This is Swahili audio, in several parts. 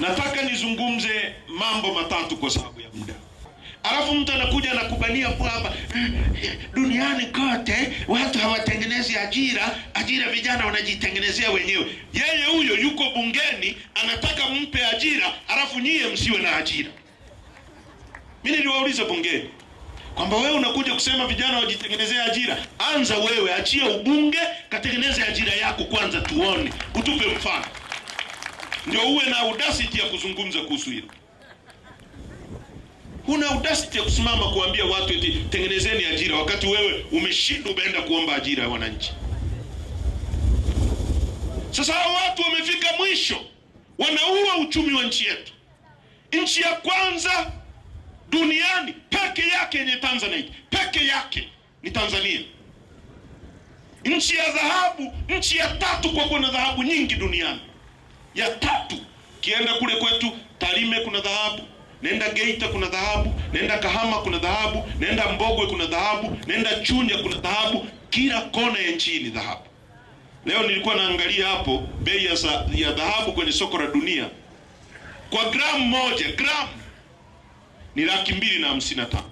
Nataka nizungumze mambo matatu kwa sababu ya muda. Alafu mtu anakuja anakubania kwamba eh, duniani kote watu hawatengenezi ajira, ajira vijana wanajitengenezea wenyewe. Yeye huyo yuko bungeni anataka mpe ajira, alafu nyie msiwe na ajira. Mimi niliwauliza bungeni kwamba wewe unakuja kusema vijana wajitengenezee ajira, anza wewe, achia ubunge, katengeneze ajira yako kwanza, tuone, utupe mfano ndio uwe na audacity ya kuzungumza kuhusu hilo. Huna audacity ya kusimama kuambia watu eti tengenezeni ajira, wakati wewe umeshindwa, umeenda kuomba ajira ya wananchi. Sasa hao watu wamefika mwisho, wanaua uchumi wa nchi yetu, nchi ya kwanza duniani peke yake yenye tanzanite peke yake ni Tanzania, nchi ya dhahabu, nchi ya tatu kwa kuwa na dhahabu nyingi duniani ya tatu. Kienda kule kwetu Tarime kuna dhahabu, nenda Geita kuna dhahabu, nenda Kahama kuna dhahabu, nenda Mbogwe kuna dhahabu, nenda Chunya kuna dhahabu, kila kona ya nchi ni dhahabu. Leo nilikuwa naangalia hapo bei ya dhahabu kwenye soko la dunia kwa gramu moja, gramu ni laki mbili na hamsini na tano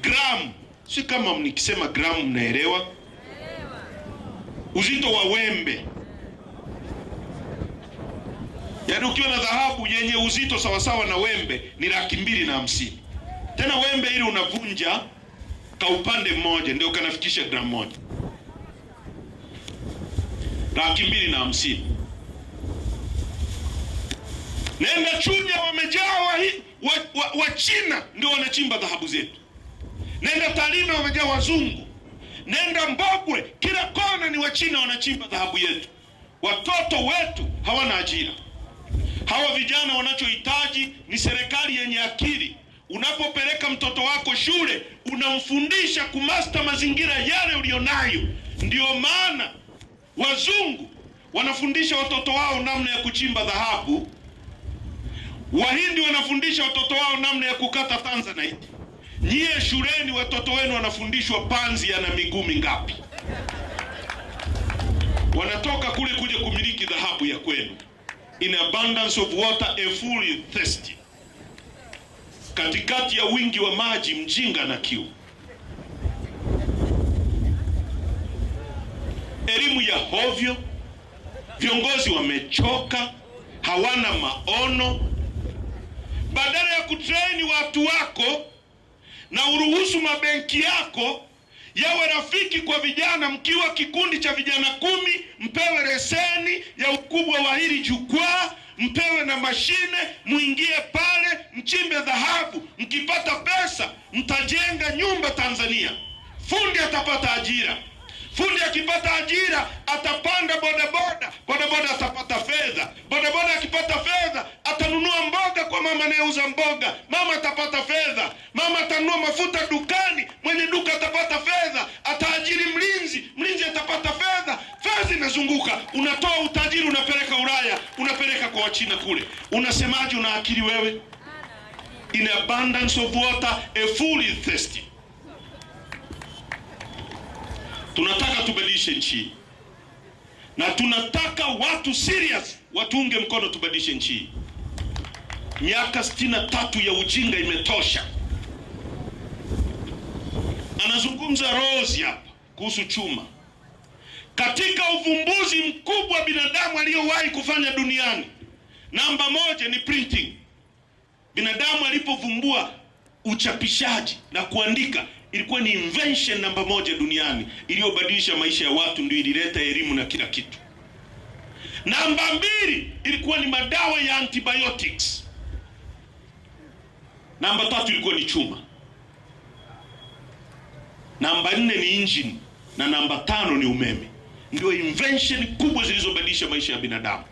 gramu. Si kama nikisema gramu mnaelewa uzito wa wembe Yaani ukiwa na dhahabu yenye uzito sawasawa na wembe ni laki mbili na hamsini. Tena wembe ili unavunja ka upande mmoja ndio kanafikisha gramu moja, laki mbili na hamsini. Nenda Chunya, wamejaa wa, wa, wa China ndio wanachimba dhahabu zetu. Nenda Tarime, wamejaa wazungu. Nenda Mbogwe, kila kona ni Wachina wanachimba dhahabu yetu. Watoto wetu hawana ajira. Hawa vijana wanachohitaji ni serikali yenye akili. Unapopeleka mtoto wako shule, unamfundisha kumasta mazingira yale ulionayo. ndio maana wazungu wanafundisha watoto wao namna ya kuchimba dhahabu, wahindi wanafundisha watoto wao namna ya kukata tanzanite. Nyie shuleni watoto wenu wanafundishwa panzi yana miguu mingapi? Wanatoka kule kuja kumiliki dhahabu ya kwenu in abundance of water a fool thirsty, katikati ya wingi wa maji mjinga na kiu. Elimu ya hovyo, viongozi wamechoka, hawana maono. Badala ya kutraini watu wako na uruhusu mabenki yako yawe rafiki kwa vijana, mkiwa kikundi cha vijana kumi mpewe ya ukubwa wa hili jukwaa, mpewe na mashine, muingie pale, mchimbe dhahabu, mkipata pesa mtajenga nyumba Tanzania, fundi atapata ajira. Fundi akipata ajira atapanda bodaboda, bodaboda atapata fedha, bodaboda akipata fedha atanunua mboga kwa mama anayeuza mboga, mama atapata fedha, mama atanunua mafuta dukani, mwenye duka atapata fedha, ataajiri mlinzi, mlinzi atapata fedha, fedha inazunguka. Unatoa utajiri unapeleka Ulaya, unapeleka kwa Wachina kule. Unasemaje? Una akili wewe? In abundance of water a fool is thirsty. Tunataka tubadilishe nchi na tunataka watu serious watuunge mkono, tubadilishe nchi. Miaka sitini na tatu ya ujinga imetosha. Anazungumza Rose hapa kuhusu chuma. Katika uvumbuzi mkubwa binadamu aliyowahi kufanya duniani, namba moja ni printing. Binadamu alipovumbua uchapishaji na kuandika ilikuwa ni invention namba moja duniani iliyobadilisha maisha ya watu, ndio ilileta elimu na kila kitu. Namba mbili ilikuwa ni madawa ya antibiotics. Namba tatu ilikuwa ni chuma. Namba nne ni engine na namba tano ni umeme. Ndio invention kubwa zilizobadilisha maisha ya binadamu.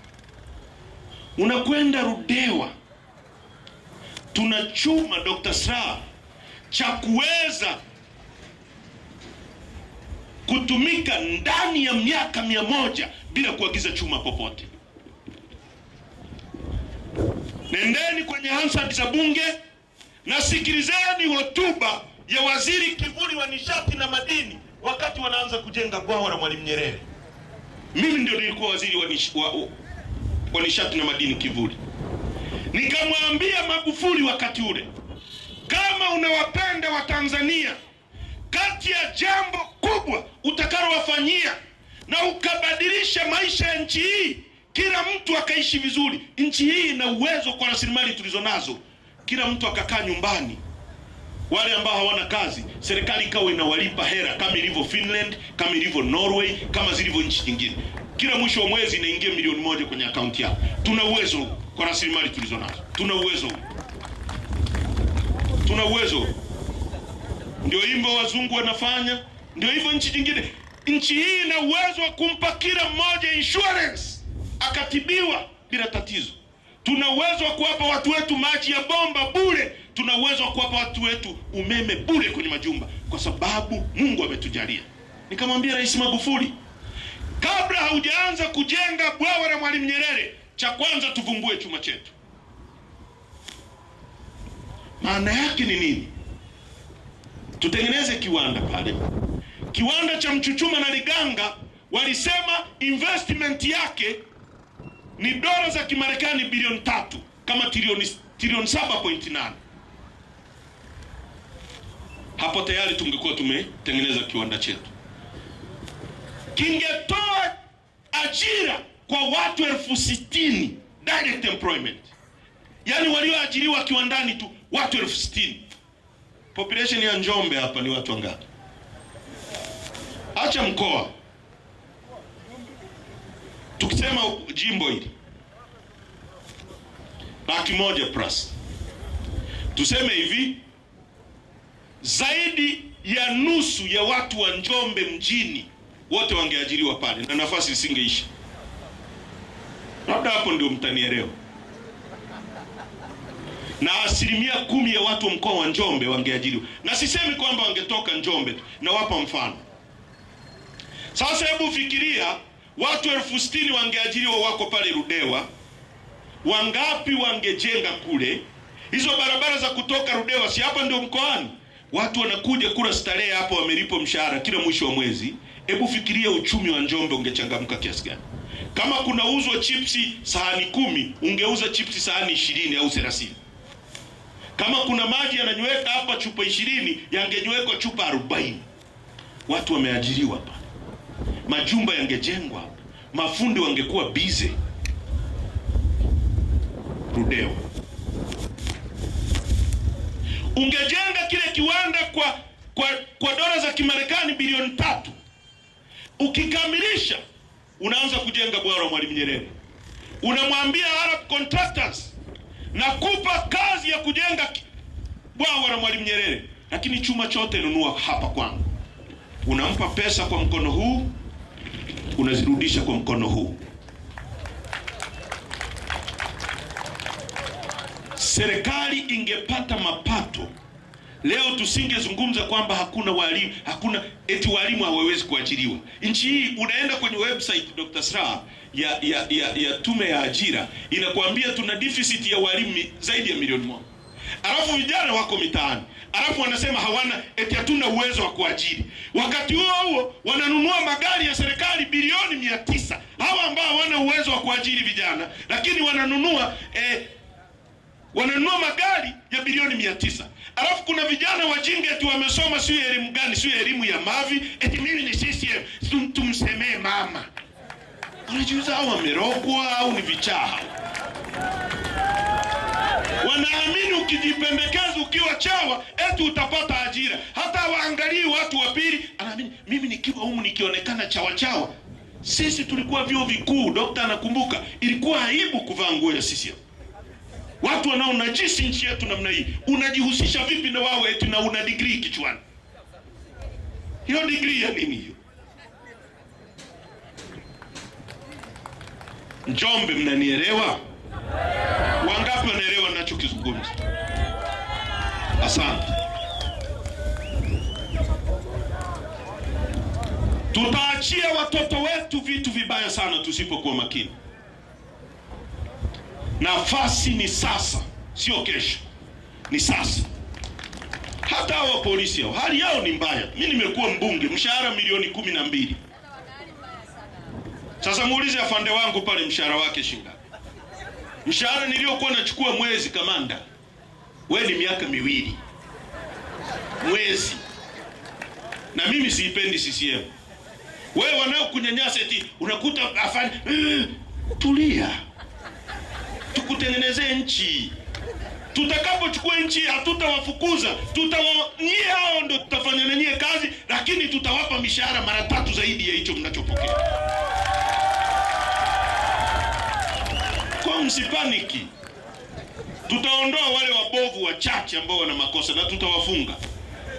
Unakwenda Rudewa, tuna chuma Dr. Sra cha kuweza kutumika ndani ya miaka mia moja bila kuagiza chuma popote. Nendeni kwenye Hansard za Bunge nasikilizeni hotuba ya Waziri Kivuli wa nishati na madini wakati wanaanza kujenga bwawa la Mwalimu Nyerere. Mimi ndio nilikuwa waziri wa, nish, wa, wa nishati na madini Kivuli, nikamwambia Magufuli wakati ule kama unawapenda Watanzania, kati ya jambo kubwa utakalowafanyia na ukabadilisha maisha ya nchi hii, kila mtu akaishi vizuri. Nchi hii na uwezo kwa rasilimali tulizonazo, kila mtu akakaa nyumbani wale ambao hawana kazi serikali ikawa inawalipa hera kama ilivyo Finland, kama ilivyo Norway, kama zilivyo nchi nyingine. Kila mwisho wa mwezi inaingia milioni moja kwenye akaunti yako. Tuna uwezo kwa rasilimali tulizo nazo, tuna uwezo tuna uwezo. Ndio hivyo wazungu wanafanya, ndio hivyo nchi nyingine. Nchi hii ina uwezo wa kumpa kila mmoja insurance akatibiwa bila tatizo. Tuna uwezo wa kuwapa watu wetu maji ya bomba bure. Tuna uwezo wa kuwapa watu wetu umeme bure kwenye majumba, kwa sababu Mungu ametujalia. Nikamwambia Rais Magufuli, kabla haujaanza kujenga bwawa la Mwalimu Nyerere, cha kwanza tuvumbue chuma chetu. Maana yake ni nini? Tutengeneze kiwanda pale, kiwanda cha Mchuchuma na Liganga. Walisema investment yake ni dola za Kimarekani bilioni tatu kama trilioni trilioni 7.8. Hapo tayari tungekuwa tumetengeneza kiwanda chetu, kingetoa ajira kwa watu elfu sitini direct employment, yaani walioajiriwa kiwandani tu watu elfu sitini. Population ya Njombe hapa ni watu wangapi? Acha mkoa, tukisema jimbo hili laki moja plus, tuseme hivi, zaidi ya nusu ya watu wa Njombe mjini wote wangeajiriwa pale na nafasi isingeisha. Labda hapo ndio mtanielewa na asilimia kumi ya watu wa mkoa wa Njombe wangeajiriwa, na sisemi kwamba wangetoka Njombe tu, nawapa mfano. Sasa hebu fikiria watu elfu sitini wangeajiriwa wako pale Rudewa, wangapi wangejenga kule hizo barabara za kutoka Rudewa? Si hapa ndio mkoani, watu wanakuja kula starehe hapo, wamelipwa mshahara kila mwisho wa mwezi. Hebu fikiria uchumi wa Njombe ungechangamka kiasi gani? Kama kunauzwa chipsi sahani kumi, ungeuza chipsi sahani ishirini au thelathini. Kama kuna maji yananyweka hapa chupa ishirini yangenywekwa chupa arobaini. Watu wameajiriwa hapa, majumba yangejengwa hapa, mafundi wangekuwa bize. Rudeo, ungejenga kile kiwanda kwa kwa, kwa dola za Kimarekani bilioni tatu. Ukikamilisha unaanza kujenga bwawa la Mwalimu Nyerere, unamwambia Arab Contractors nakupa kazi ya kujenga bwawa la Mwalimu Nyerere, lakini chuma chote nunua hapa kwangu. Unampa pesa kwa mkono huu, unazirudisha kwa mkono huu. Serikali ingepata mapato leo, tusingezungumza kwamba hakuna walimu, hakuna eti walimu hawawezi kuajiriwa nchi hii. Unaenda kwenye website Dr. Slaa ya, ya, ya, ya tume ya ajira inakwambia tuna deficit ya walimu zaidi ya milioni moja, alafu vijana wako mitaani, alafu wanasema hawana eti hatuna uwezo wa kuajiri. Wakati huo huo wananunua magari ya serikali bilioni mia tisa hawa ambao hawana uwezo wa kuajiri vijana, lakini wananunua eh, wananunua magari ya bilioni mia tisa alafu kuna vijana wajinga eti wamesoma sio elimu gani, sio elimu ya mavi, eti mimi ni CCM, tumsemee mama Unajiuliza hao wamerogwa au ni vichaa? Wanaamini ukijipendekeza ukiwa chawa eti utapata ajira, hata waangalii watu wa pili. Anaamini mimi nikiwa humu nikionekana chawa chawa. Sisi tulikuwa vyuo vikuu, dokta anakumbuka, ilikuwa aibu kuvaa nguo ya sisi. Watu wanaonajisi nchi yetu namna hii, unajihusisha vipi na wao eti na una degree kichwani? Hiyo degree ya nini hiyo? Njombe, mnanielewa? Wangapi wanaelewa ninachokizungumza? Asante. Tutaachia watoto wetu vitu vibaya sana tusipokuwa makini. Nafasi ni sasa, sio kesho, ni sasa. Hata hawa polisi hao hali yao ni mbaya. mi nimekuwa mbunge, mshahara milioni kumi na mbili. Sasa muulize afande wangu pale, mshahara wake shingapi? Mshahara niliyokuwa nachukua mwezi, kamanda, we ni miaka miwili mwezi. Na mimi siipendi CCM. We wanaokunyanyasa eti unakuta afande uh, tulia, tukutengenezee nchi tutakapochukua nchi hatutawafukuza, tutawa nyie, hao ndo tutafanya na nyie kazi, lakini tutawapa mishahara mara tatu zaidi ya hicho mnachopokea. msipaniki, tutaondoa wale wabovu wachache ambao wana makosa na tutawafunga,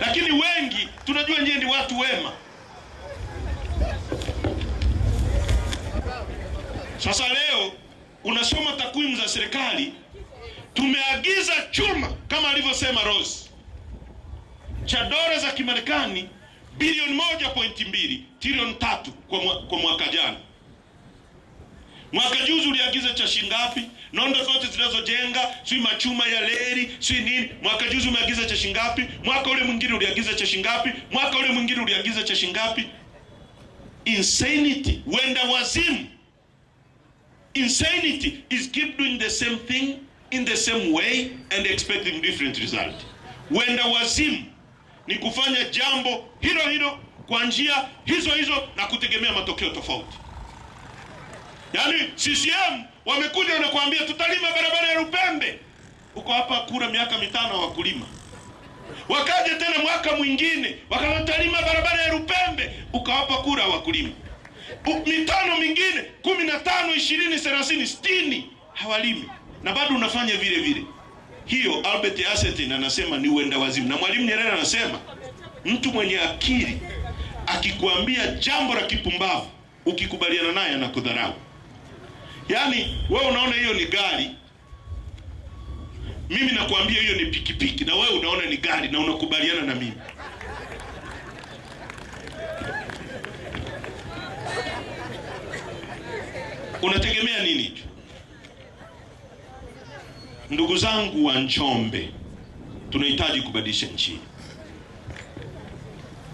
lakini wengi tunajua nyie ni watu wema. Sasa leo unasoma takwimu za serikali, tumeagiza chuma kama alivyosema Rose cha dola za Kimarekani bilioni moja pointi mbili trilioni tatu kwa mwaka jana. Mwaka juzi uliagiza cha shingapi? Nondo zote zinazojenga, sui machuma ya leri, sui nini? Mwaka juzi umeagiza cha shingapi? Mwaka ule mwingine uliagiza cha shingapi? Mwaka ule mwingine uliagiza cha shingapi? Insanity, wenda wazimu. Insanity is keep doing the same thing in the same way and expecting different result. Wenda wazimu ni kufanya jambo hilo hilo kwa njia hizo hizo na kutegemea matokeo tofauti. Yaani CCM wamekuja wanakuambia tutalima barabara ya Lupembe, uko hapa kura miaka mitano wa kulima. Wakaje tena mwaka mwingine wakalima barabara ya Lupembe, ukawapa kura wakulima. Mitano mingine kumi na tano, ishirini, thelathini, sitini hawalimi na bado unafanya vile vile. Hiyo Albert Einstein anasema ni uenda wazimu, na Mwalimu Nyerere anasema mtu mwenye akili akikwambia jambo la kipumbavu ukikubaliana naye anakudharau. Yaani wewe unaona hiyo ni gari, mimi nakwambia hiyo ni pikipiki, na wewe unaona ni gari na unakubaliana na mimi. Unategemea nini? Ndugu zangu wa Njombe, tunahitaji kubadilisha nchi.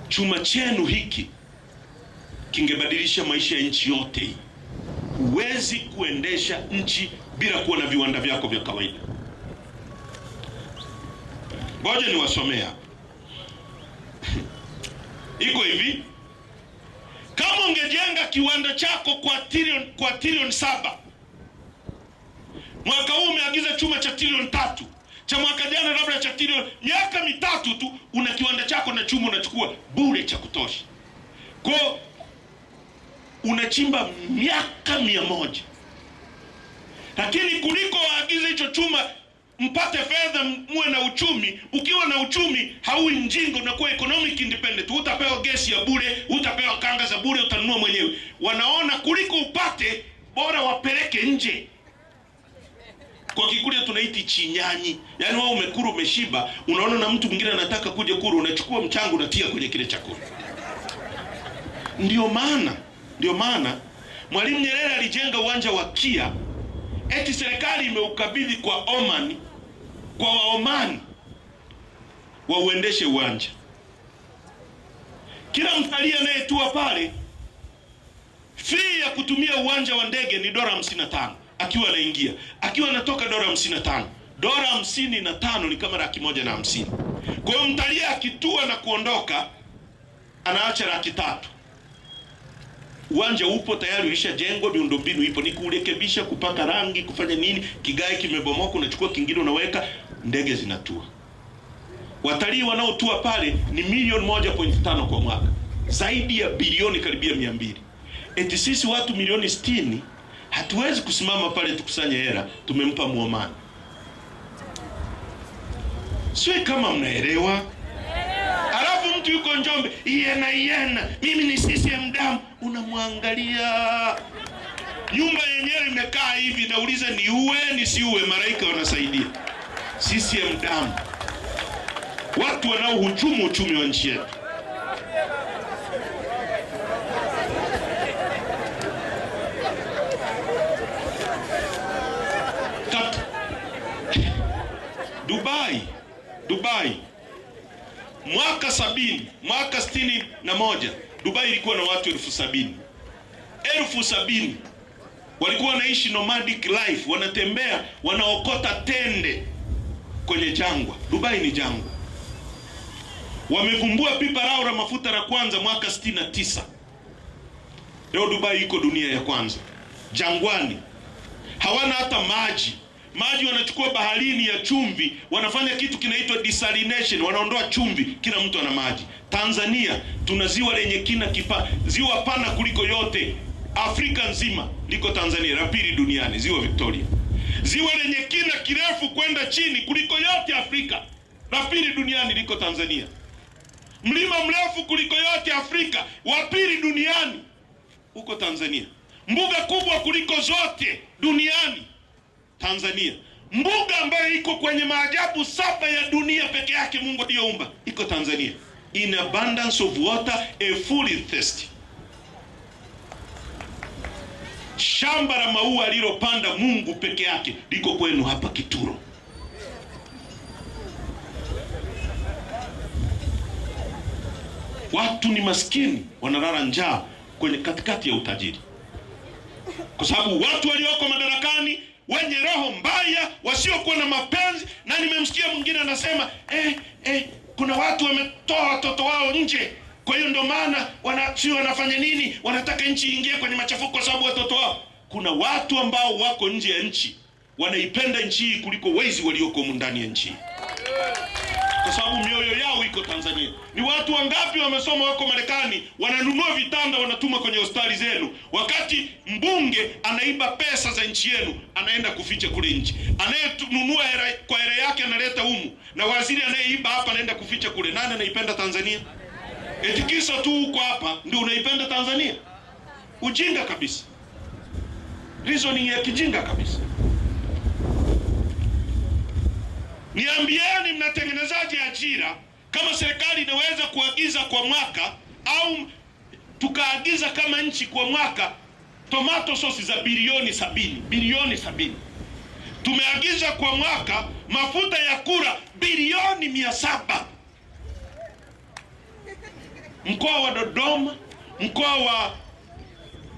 Chuma chenu hiki kingebadilisha maisha ya nchi yote hii huwezi kuendesha nchi bila kuwa na viwanda vyako vya kawaida. Ngoja niwasomea iko hivi, kama ungejenga kiwanda chako kwa trilioni kwa trilioni saba mwaka huu umeagiza chuma cha trilioni tatu cha mwaka jana labda cha trilioni, miaka mitatu tu una kiwanda chako na chuma unachukua bure cha kutosha kwao unachimba miaka mia moja, lakini kuliko waagize hicho chuma mpate fedha muwe na uchumi. Ukiwa na uchumi haui mjingo, unakuwa economic independent. Utapewa gesi ya bure, utapewa kanga za bure, utanunua mwenyewe. Wanaona kuliko upate bora wapeleke nje. Kwa Kikuria tunaiti chinyanyi, yaani wewe umekuru umeshiba, unaona na mtu mwingine anataka kuja kuru, unachukua mchango unatia kwenye kile chakula. Ndio maana ndio maana Mwalimu Nyerere alijenga uwanja wa Kia, eti serikali imeukabidhi kwa Oman, kwa Waomani wauendeshe uwanja. Kila mtalii anayetua pale, fee ya kutumia uwanja wa ndege ni dola 55 tano akiwa anaingia, akiwa anatoka dola hamsini na tano dola hamsini na tano ni kama laki moja na hamsini. Kwa hiyo mtalii akitua na kuondoka anaacha laki tatu. Uwanja upo tayari, ulishajengwa, miundombinu ipo, ni kurekebisha, kupaka rangi, kufanya nini. Kigae kimebomoka, unachukua kingine unaweka, ndege zinatua. Watalii wanaotua pale ni milioni moja pointi tano kwa mwaka, zaidi ya bilioni karibia mia mbili. Eti sisi watu milioni sitini hatuwezi kusimama pale tukusanye hela, tumempa Muomani. Sio kama mnaelewa. Alafu mtu yuko Njombe, iyena iyena, mimi ni sisi ya mdamu unamwangalia. Nyumba yenyewe imekaa hivi, nauliza ni uwe ni si uwe malaika wanasaidia. CCM damu, watu wanaohujumu uchumi wa nchi yetu. Dubai, Dubai mwaka sabini, mwaka sitini na moja Dubai ilikuwa na watu elfu sabini elfu sabini walikuwa wanaishi nomadic life, wanatembea wanaokota tende kwenye jangwa. Dubai ni jangwa. Wamevumbua pipa lao la mafuta la kwanza mwaka 69. Leo Dubai iko dunia ya kwanza, jangwani, hawana hata maji maji wanachukua baharini ya chumvi, wanafanya kitu kinaitwa desalination, wanaondoa chumvi, kila mtu ana maji. Tanzania tuna ziwa lenye kina kipa, ziwa pana kuliko yote Afrika nzima liko Tanzania, la pili duniani, ziwa Victoria, ziwa lenye kina kirefu kwenda chini kuliko yote Afrika, la pili duniani liko Tanzania, mlima mrefu kuliko yote Afrika, wa pili duniani uko Tanzania, mbuga kubwa kuliko zote duniani Tanzania. Mbuga ambayo iko kwenye maajabu saba ya dunia peke yake Mungu aliyoumba iko Tanzania. In abundance of water a fully thirsty. Shamba la maua alilopanda Mungu peke yake liko kwenu hapa Kituro. Watu ni maskini, wanalala njaa kwenye katikati ya utajiri, kwa sababu watu walioko madarakani wenye roho mbaya, wasiokuwa na mapenzi. Na nimemsikia mwingine anasema eh, eh, kuna watu wametoa watoto wao nje, kwa hiyo ndio maana wana, si wanafanya nini, wanataka nchi ingie kwenye machafuko kwa sababu watoto wao. Kuna watu ambao wako nje ya nchi wanaipenda nchi hii kuliko wezi walioko ndani ya nchi kwa sababu mioyo yao iko Tanzania. Ni watu wangapi wamesoma wako Marekani, wananunua vitanda wanatuma kwenye hospitali zenu, wakati mbunge anaiba pesa za nchi yenu anaenda kuficha kule nchi, anayenunua kwa hera yake analeta humu, na waziri anayeiba hapa anaenda kuficha kule. Nani anaipenda Tanzania? Eti kisa tu uko hapa ndio unaipenda Tanzania? Ujinga kabisa, reasoning ya kijinga kabisa. Niambieni mnatengeneza kama serikali inaweza kuagiza kwa mwaka au tukaagiza kama nchi kwa mwaka tomato sosi za bilioni sabini bilioni sabini tumeagiza kwa mwaka mafuta ya kura bilioni mia saba mkoa wa Dodoma, mkoa wa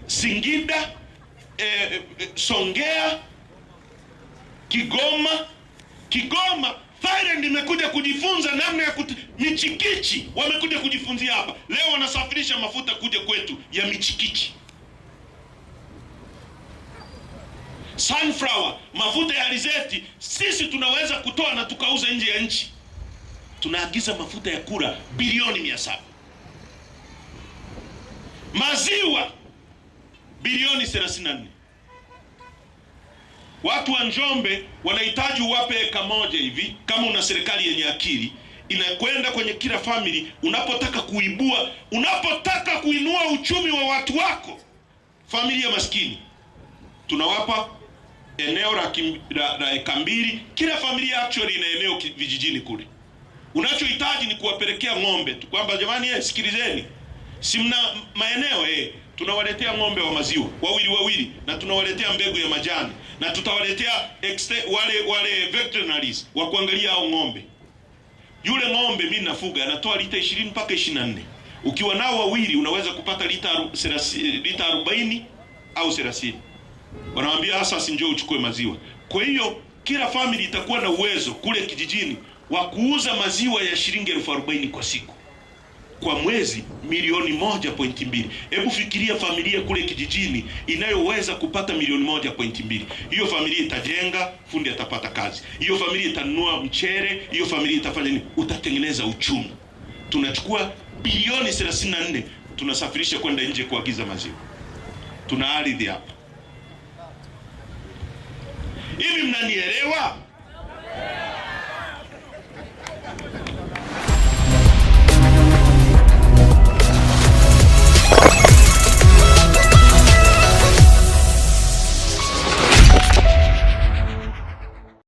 Singida, e, Songea, Kigoma, Kigoma Thailand imekuja kujifunza namna ya kut... michikichi wamekuja kujifunzia hapa. Leo wanasafirisha mafuta kuja kwetu ya michikichi, sunflower, mafuta ya rizeti Sisi tunaweza kutoa na tukauza nje ya nchi. Tunaagiza mafuta ya kura bilioni mia saba, maziwa bilioni 34 Watu wa Njombe wanahitaji uwape eka moja hivi, kama una serikali yenye akili inakwenda kwenye kila family. Unapotaka kuibua, unapotaka kuinua uchumi wa watu wako, familia maskini, tunawapa eneo la, la, la eka mbili. Kila familia actually ina eneo vijijini kule. Unachohitaji ni kuwapelekea ng'ombe tu, kwamba jamani, eh, sikilizeni, si mna maeneo eh tunawaletea ng'ombe wa maziwa wawili wawili, na tunawaletea mbegu ya majani, na tutawaletea wale wale veterinaries wa kuangalia hao ng'ombe. Yule ng'ombe mimi nafuga anatoa lita 20 mpaka 24. Ukiwa nao wawili unaweza kupata lita lita 40 au 30. Wanawaambia hasa si njoo uchukue maziwa. Kwa hiyo kila family itakuwa na uwezo kule kijijini wa kuuza maziwa ya shilingi elfu arobaini kwa siku kwa mwezi milioni moja pointi mbili. Hebu fikiria familia kule kijijini inayoweza kupata milioni moja pointi mbili. Hiyo familia itajenga, fundi atapata kazi, hiyo familia itanunua mchere, hiyo familia itafanya nini? Utatengeneza uchumi. Tunachukua bilioni 34 tunasafirisha kwenda nje kuagiza maziwa, tuna ardhi hapa. Hivi mnanielewa?